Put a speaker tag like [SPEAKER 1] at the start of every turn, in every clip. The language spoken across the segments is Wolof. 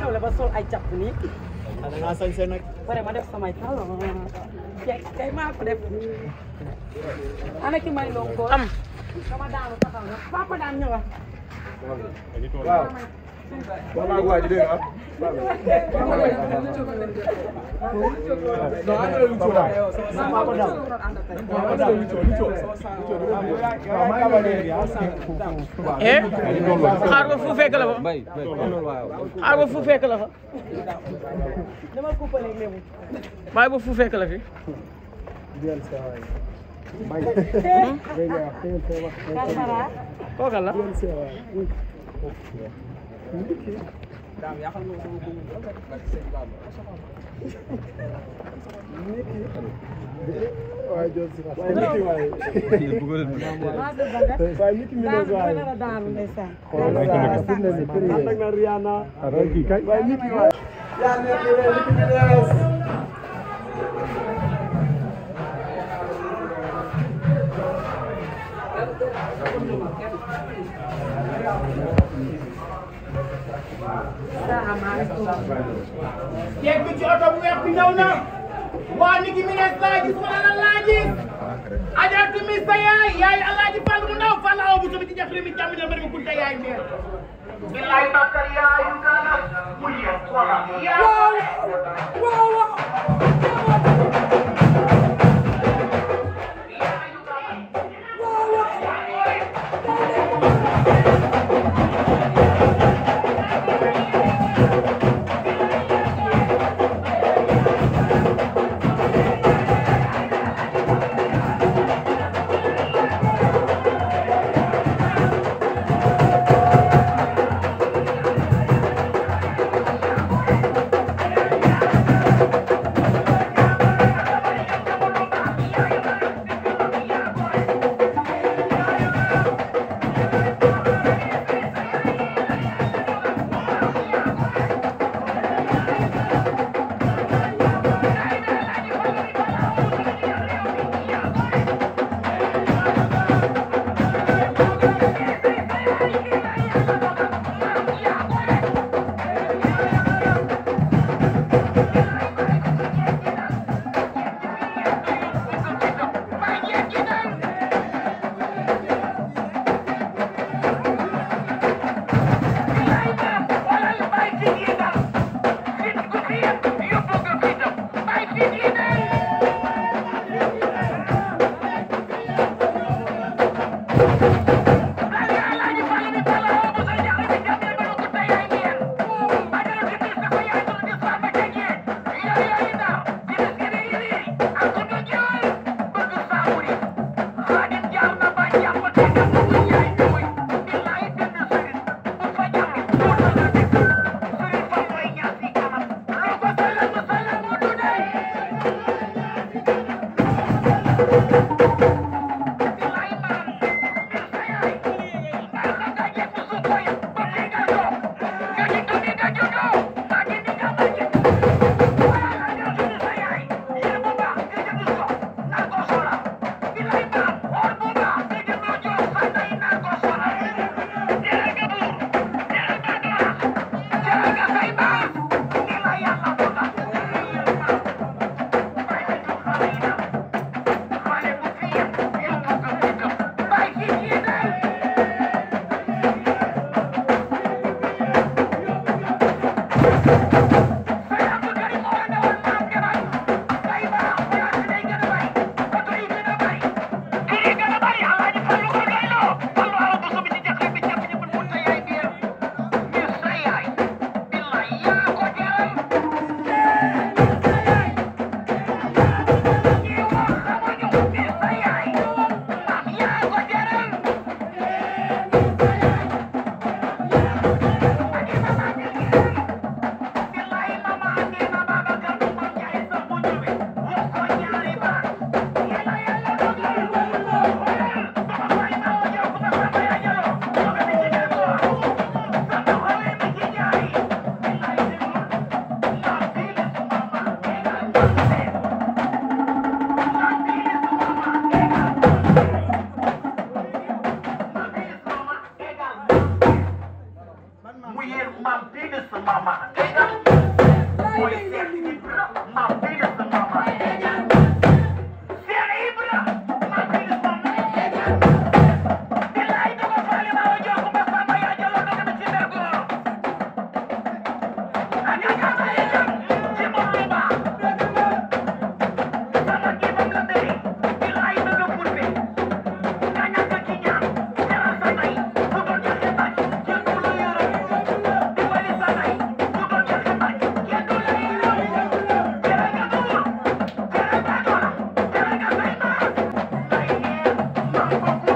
[SPEAKER 1] lu ma ba sol ay jàpp nii. ah da ngaa sañse nag. pare ma def samay taw la ma ma ma kay maa ko def. may loo ko am. daan ñëwaat.
[SPEAKER 2] waaw. wax naa ko waa ji dégg nga eh xaar ba fu fekk la fa
[SPEAKER 1] xaar ba fu fekk la fa bàyyi ba fu fekk
[SPEAKER 2] la fi kooka la daam waaye nit mi nekk waaye
[SPEAKER 1] ceeb bi ci oto bu weex bi ñëw na waa nit yi mi ne saa gis ma alal laa gis ajaatu mi sa yaay yaay alaaji Fall mu ndaw Fall aw bu sobi ci jaxri mi jàmm na bëri kunta yaay meer billahi bakkar yaayu kaana mu yee wala waaw waaw Lightning Thank you.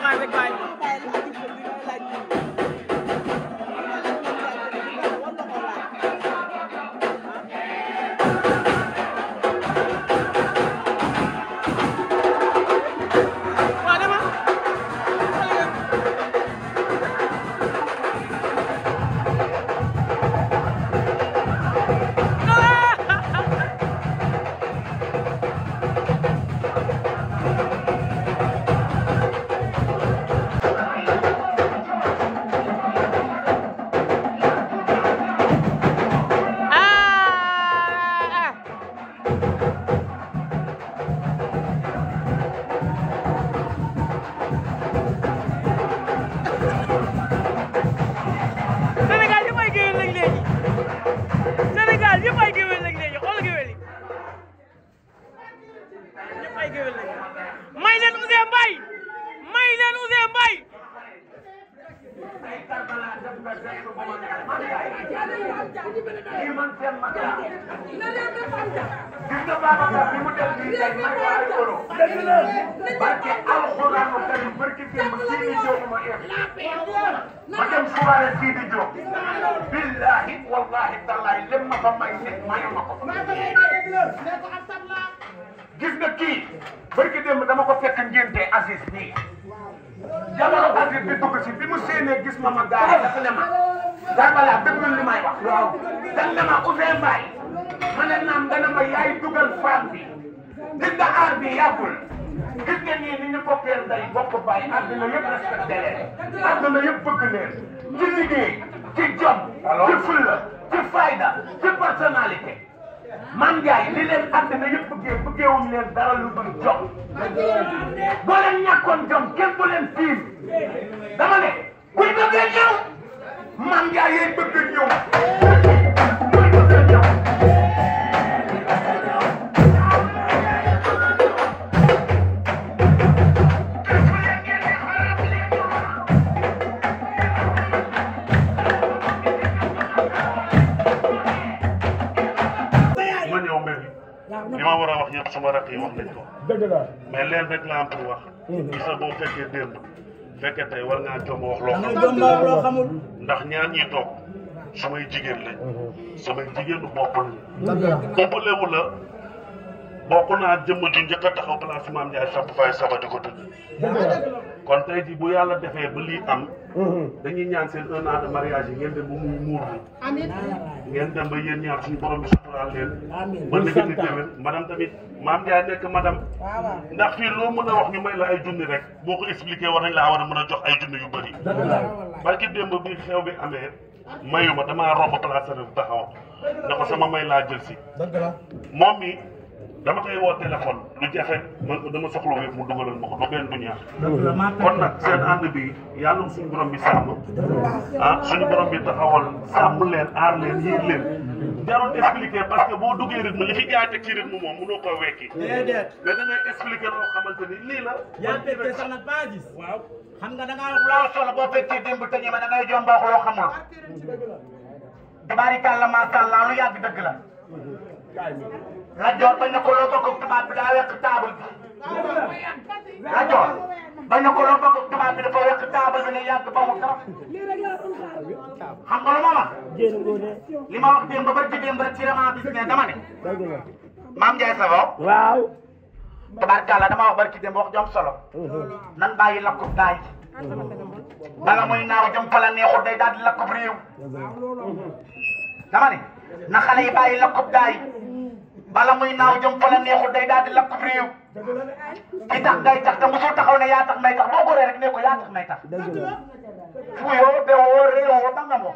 [SPEAKER 1] Bye, big man. Sidi Diop ma dem ma dem soirée Sidi Diop billahi wallahi tallahi lem ma fa may nit mayu ma ko gis nga kii barki démb dama ko fekk ngénte Aziz nii jabaru Aziz bi dugg si bi mu séenee gis ma ma gaara dafa ne ma garbala déglu li may wax dan ne ma Ousseyn Mbaye
[SPEAKER 2] ma ne naam dana ma yaay dugal femme bi gis nga aar bi
[SPEAKER 1] yàggul gis nga ñii ni ñu bokkeel day bokk bàyyi àdduna yëpp respecté leen àdduna yëpp bëgg leen ci liggéey ci jom ci fulla ci fayda ci personnalité man Ndiaye li leen àdduna yëpp bëggee bëggeewuñ leen dara lu dul jom boo leen jom kenn du leen tiim dama ne kuy bëggee ñëw man Ndiaye yéen bëgg ñëw
[SPEAKER 2] li ma war a wax ñëpp sama rakk yi wax nañ ko. dëgg la mais leen rek laa am pour wax. gisa boo fekkee démb war ngaa jomb wax loo xamul. ndax ñaar ñi toog samay jigéen lañ. samay jigéenu bopp lañ. dëgg wu la bokk naa jëmm ju njëkk a taxaw place Maam Ndiaye Samb Faye Saba di ko tudd. kon tey jii bu yàlla defee ba lii am. Mhm. dañuy ñaan seen un an de mariage yi ngeen dem ba muy muur amiin ngeen dem ba yéen ñaar suñu borom bi suturaal leen. amiin ba léegi tamit madame tamit maam Ndiaye nekk madame. ndax fii loo mën a wax ñu may la ay junni rek boo ko expliqué war nañ laa war a mën a jox ay junni yu bëri. barki démb bi xew bi amee. mayu ma damaa romb place bi taxaw. dafa sama may laa jël si. moom mi. dama koy woo téléphone lu jafe man ko dama mu dugalal ma ko ba benn duñu kon nag seen ànd bi yàlla suñu borom bi sàmm ah suñu borom bi taxawal sàmm leen aar leen yiir leen jarul expliquer parce que boo duggee rythme li fi gaa teg ci rythme moom mënoo koo wekki déedéet mais da ngay expliquer loo xamante ni lii la yaa fekkee sax nag baa gis waaw xam nga da ngaa loo solo
[SPEAKER 1] boo fekkee démb te ñeme da ngay jomboo ko loo xamul tabaarikàlla maasàllaa Lat Joor bañ na ko loo bokk ak tubaab bi daa wekk ko loo bokk ne yàgg ba mu tax xam nga lu ma wax li ma wax démb ba ci démb rek ci vraiment bis ne dama ne maam Ndiaye Savon waaw tabarkàlla dama wax barki démb wax jom solo nan bàyyi lakkub daay bala muy naaw jëm fa la neexul day daal di na xale yi bàyyi lakkub daay bala muy naaw jëm fa la neexul day daal la lakk réew ki tax ngay tax te mosul taxaw ne yaa tax may tax boo góoree rek ne ko yaa may tax fuyoo bewoo réewoo ba nga moo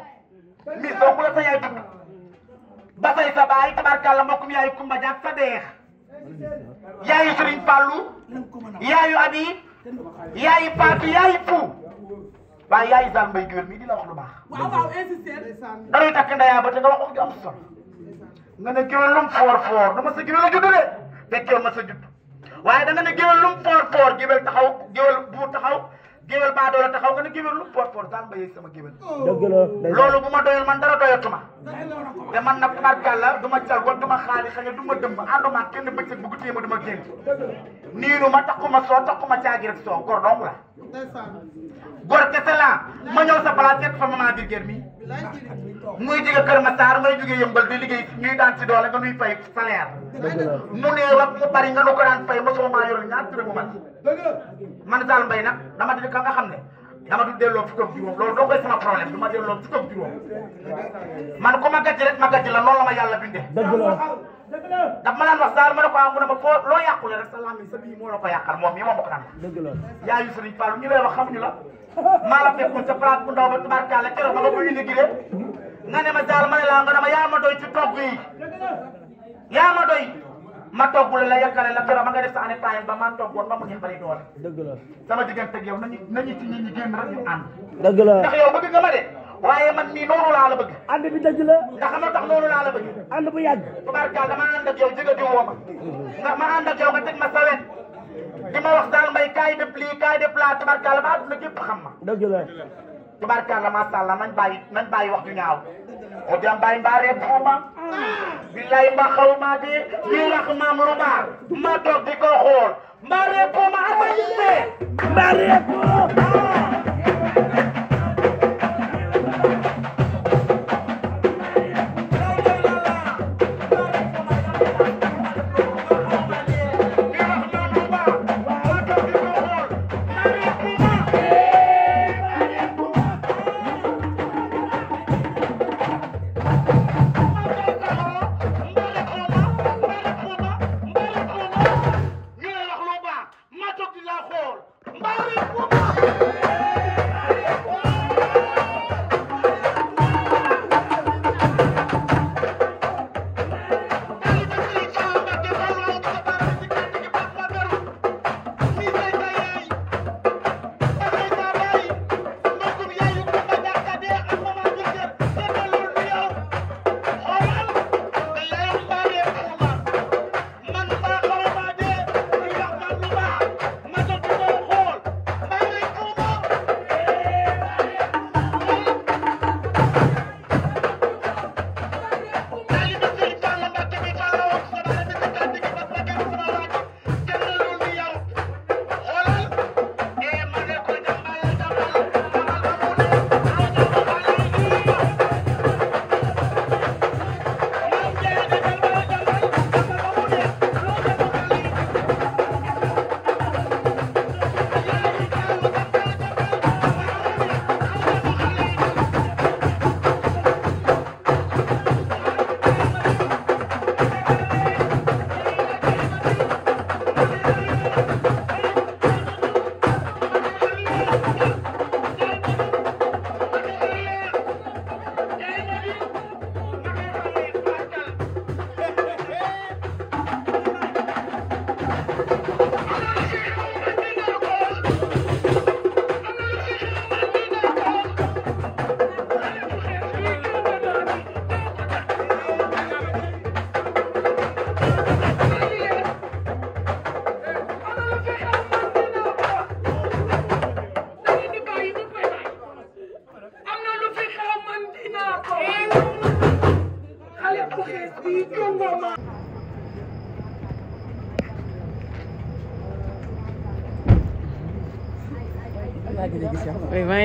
[SPEAKER 1] mis doo ku la sa yaay ba say sa baay tabarkàlla mbokkum yaayu Kumba Jaak sa deex yaayu Sëriñ Fallu yaayu abi yaayu Faatu yaayu Pou waaye yaayu Sall Mbaye Guèye mii di la wax lu baax. waaw waaw insister. dara takk ndayaa ba te nga wax solo. nga ne géwél lum foor foor du ma sa géwél a ma sa judd waaye da nga ne géwél lum foor foor géwél taxaw géwél buur taxaw géwél baa doole taxaw nga ne géwél lum foor foor daan mbayee sama géwél oh. loolu bu ma doyal man dara doyatuma te man nag barkàlla du ma cal wala du ma xaali xaña du ma dëmm ànduma kenn bëccëg bu guddee ma du ma génn niinu ma taxuma soo taxuma caagi rek soo gor dong la góor kese laa ma ñëw sa place a fa maman Birgère mi muy jóge Kër Massar ngay jóge yëmbal di liggéey ñuy daan si doole nga nuy fay salaire mu néew ak mu bari nga nu ko daan fay mosoo maa yor ñaar turam man man daal mbay dama di ka nga ne dama du delloo fukk ak juróom loolu doo koy sama problème du ma delloo fukk ak juróom
[SPEAKER 2] man ku ma gàcce ma gàcce la
[SPEAKER 1] loolu la ma yàlla bindee daf ma daan wax daal ma ne ko ah mu ne ma foo loo yàqule rek sa làmmiñ sa moo la ko yàqal moom mii moom ma ko la yaayu Serigne Fallou ñu lay wax xamuñu la maa la fekkoon sa place bu ndaw ba tubaarkàlla keroog ma nga koy indi gile nga ne ma daal ma ne laa nga ne ma yaa ma doy ci togg yi yaa ma doy ma toggul la yàqale la keroog ma nga def sa année ba man toggoon ba mu ñu bari doole. dëgg la sama diggante ak yow nañu nañu ci nit ñi génn rek ñu ànd. dëgg la ndax waaye man mii noonu laa la bëgg. ànd bi dëgg la. ndax xam nga tax noonu laa la bëgg. ànd bu yàgg. tubaarkaal dama ànd ak yow jigéen diw woo ma. ndax nga teg ma sawet di ma wax daal mbay kaay def lii kaay def laa la. tubaarkaal la macha allah wax ju ñaaw. o jam bàyyi mbaaree xaw ma. billaay mba ma de lii wax ma di ko xool.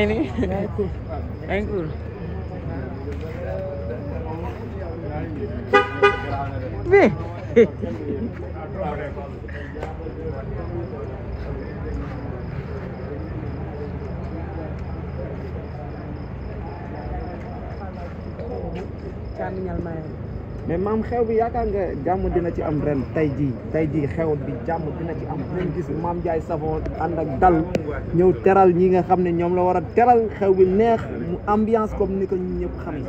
[SPEAKER 1] ini engkur Wih. Kami nyalmai mais maam xew bi yaakaar nga jàmm dina ci am ren tey jii tey jii xew bi jàmm dina ci am ren gis maam Ndiaye Savon ànd ak dal ñëw teral ñi nga xam ne ñoom la war a teral xew bi neex mu ambiance comme ni ko ñun ñëpp xamee.